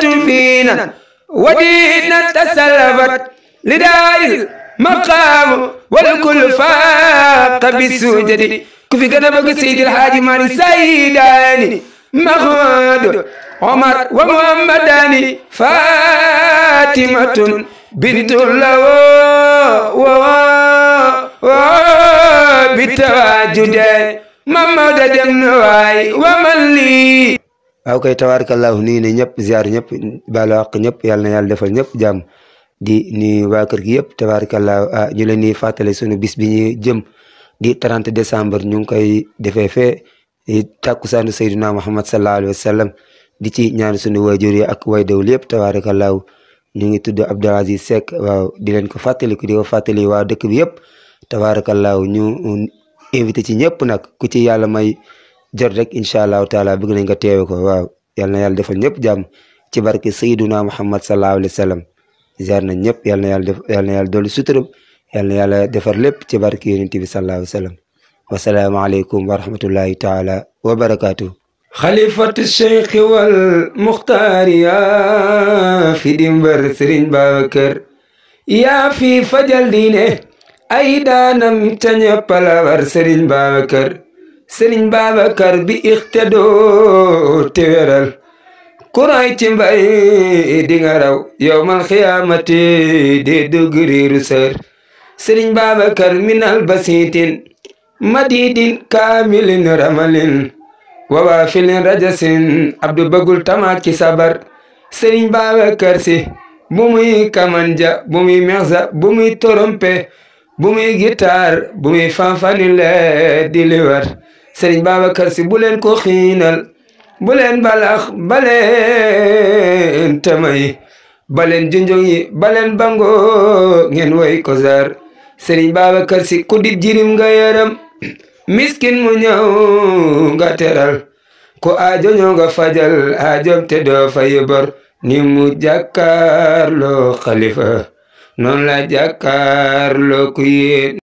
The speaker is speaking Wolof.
قوة فينا ودينا تسلبت لدار المقام والكل فاق بسجدي كفي قدمك سيد الحاج ماني سيداني مخمود عمر ومحمداني فاتمة بنت له بتواجد محمد جنواي ومن لي waaw kay tabaarakallahu nuyu ni ñëpp ziar ñëpp baalu àq ñëpp yàlla na yàlla defal ñëpp jàmm di nuyu waa kër gi yëpp tabaarakallahu ah, ñu leen di fàttali sunu bis bi ñu jëm di 30 décembre ñu ngi koy defee fee tàkkusaanu sayduna muhammad sallallahu alayhi wa sallam di ci ñaan sunu waajur yi ak way dawlu yëpp ñu ngi tudd Abdou Aziz Seck waaw di leen ko fàttali ku di ko fàttali waa dëkk bi yëpp tabaarakallahu ñu invité ci ñëpp nag ku ci yàlla may jot rek incha allahu taala bëgg nañ waaw yal na yàlla defal ñëpp jàmm ci barke sayyiduna muhammad sallallahu alayhi wa sallam yal na yàlla yal yàlla dolli yàlla defar lépp ci barke yonent bi sallallahu alayhi wa sallam wasalaamu aleykum wa rahmatullahi taala wal muxtaar yaa fi dimbar sëriñ Babacar yaa fi fajal diine ay daanam ca ñëpp la war sëriñ sëriñ Babacar bi ixtadoo te wéral ku roy ci mbay di nga raw yow mal xiyaamati di dugg sër sëriñ Babacar minal basiitin madiidin kaamilin ramalin wawaa filin rajasin abdu bëggul tamaak ci sabar sëriñ Babacar si bu muy kamanja bu muy merza torompe bu gitaar bu fanfanile di Sering Babacar si bu len ko xinal bu len balax balen tamay balen junjong yi balen bango ngeen way ko zar serigne Babacar si ku jirim nga yaram miskin mu ñaw nga teral ko aajo ñoo nga fajal aajoom te do fay ni mu jakar lo khalifa non la jakar lo yéen